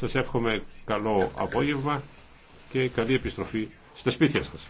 Σας εύχομαι καλό απόγευμα και καλή επιστροφή στα σπίτια σας.